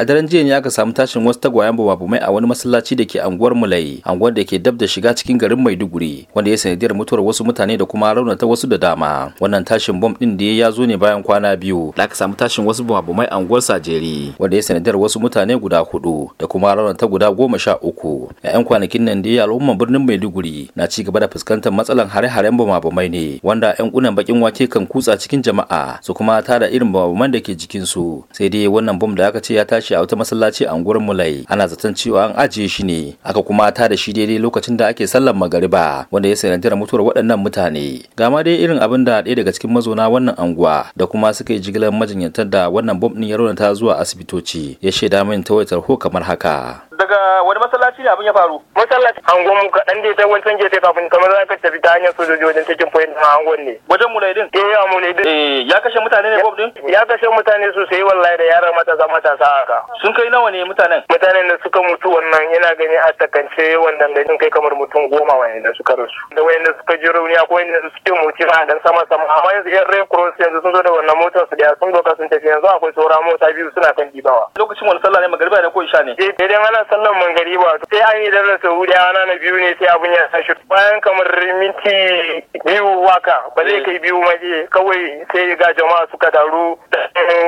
a daren jiya ne aka samu tashin wasu tagwayen bumabumai a wani masallaci da ke anguwar mulai anguwar da ke dab da shiga cikin garin maiduguri wanda ya sanadiyar mutuwar wasu mutane da kuma raunata wasu da dama wannan tashin bom din da ya zo ne bayan kwana biyu da aka samu tashin wasu bumabumai a anguwar sajeri wanda ya sanadiyar wasu mutane guda hudu da kuma raunata guda goma sha uku a yan kwanakin nan da al'umman birnin maiduguri na ci gaba da fuskantar matsalan hare-haren bumabumai ne wanda yan kunan bakin wake kan kutsa cikin jama'a su kuma tara irin bumabuman da ke jikinsu sai dai wannan bom da aka ce ya tashi shi a wata masallaci a unguwar Mulai ana zaton cewa an ajiye shi ne aka kuma ta da shi daidai lokacin da ake sallar magariba wanda ya sanadiyar mutuwar waɗannan mutane gama dai irin abin da ɗaya daga cikin mazauna wannan anguwa da kuma suka yi jigilar majinyatar da wannan bom ɗin ya ta zuwa asibitoci ya shaida min ta wayar ho kamar haka daga wani masallaci ne abin ya faru masallaci hangon mu kaɗan dai ta wancan gefe kafin kamar za ka tafi ta hanyar sojoji wajen cikin point na hangon ne wajen mulaidin eh ya mulaidin eh ya kashe mutane ne bob din ya kashe mutane sosai wallahi da yaran matasa matasa haka sun kai nawa ne mutanen mutanen da suka mutu wannan yana gani a takance wannan da sun kai kamar mutum goma wani da suka rasu da wani da suka ji rauni akwai wani da suke mutu ma dan sama sama amma yanzu yan red cross yanzu sun zo da wannan motar su da sun zo ka sun tafi yanzu akwai saura mota biyu suna kan dibawa lokacin wani sallah ne magariba ne ko isha ne eh idan ana sallan to sai an yi dalar saudi a na biyu ne sai abun ya tashi bayan kamar minti biyu waka ba zai eh. kai biyu ma eh, kawai sai ga jama'a suka taru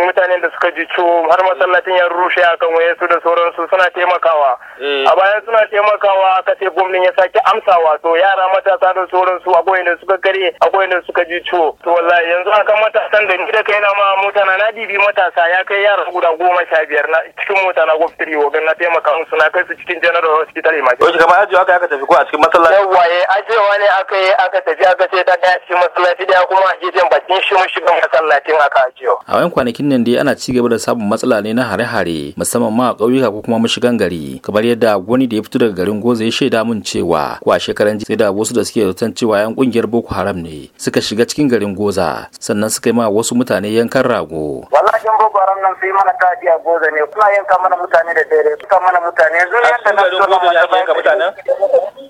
mutanen da suka ji ciwo har masallacin ya rushe a kan wayansu da sauransu suna taimakawa eh. a bayan suna taimakawa aka sai gwamnan ya sake amsawa to yara matasa da sauransu akwai da suka kare akwai da suka ji ciwo to wallahi yanzu akan matasan da ni da kai na ma mota na dibi matasa ya kai yara guda goma sha biyar na cikin mota na gwamnati na taimaka musu suna kai su cikin general hospital imagine. Wai kamar ajiyewa aka tafi ko a cikin masallaci? Yawwa ya eh, ajiyewa ne aka yi aka tafi aka ce ta a cikin masallaci. lafiya kuma a gefen bakin shi mun shiga masallacin aka ajiyo. A wayan kwanakin nan dai ana cigaba da samun matsala ne na hare-hare musamman ma a ƙauyuka ko kuma mashigan gari kamar yadda wani da ya fito daga garin Goza ya shaida mun cewa ko a shekaran sai da wasu da suke zaton cewa yan kungiyar Boko Haram ne suka shiga cikin garin Goza sannan suka yi ma wasu mutane yankan rago. Wallahi Boko Haram nan sai mana kaji a Goza ne kuma yanka mana mutane da dare suka mana mutane yanzu yanda na so na mutane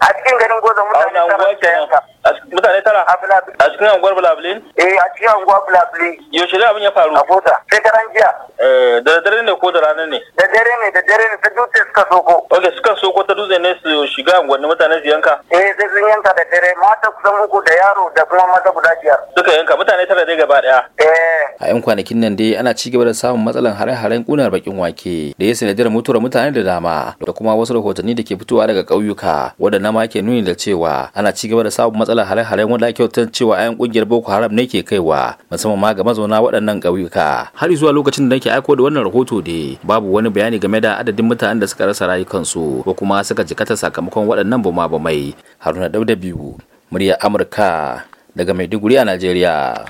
a cikin garin Goza mutane sun yanka. a cikin anguwar bulabulin eh a cikin anguwar bulabulin yaushe da abin ya faru a kota ran jiya eh, da dare ne ko da rana ne da dare ne da dare ne ta dutse suka soko ok suka soko ta dutse ne su shiga anguwanni mutane su yanka eh sai sun yanka da dare mata kusan uku da yaro da kuma maza guda biyar suka yanka mutane tara dai gaba daya eh a 'yan kwanakin nan dai ana ci gaba da samun matsalar hare-haren kunar bakin wake da ya sanadiyar mutuwar mutane da dama da kuma wasu rahotanni da ke fitowa daga ƙauyuka waɗanda ma ke nuni da cewa ana ci gaba da samun matsalar hare-haren wanda ake wutar cewa 'yan ƙungiyar boko haram ne ke kaiwa musamman ma ga mazauna waɗannan ƙauyuka har zuwa lokacin da nake aiko da wannan rahoto dai babu wani bayani game da adadin mutanen da suka rasa rayukansu ko kuma suka jikata sakamakon waɗannan bama-bamai haruna dauda biyu murya amurka daga maiduguri a najeriya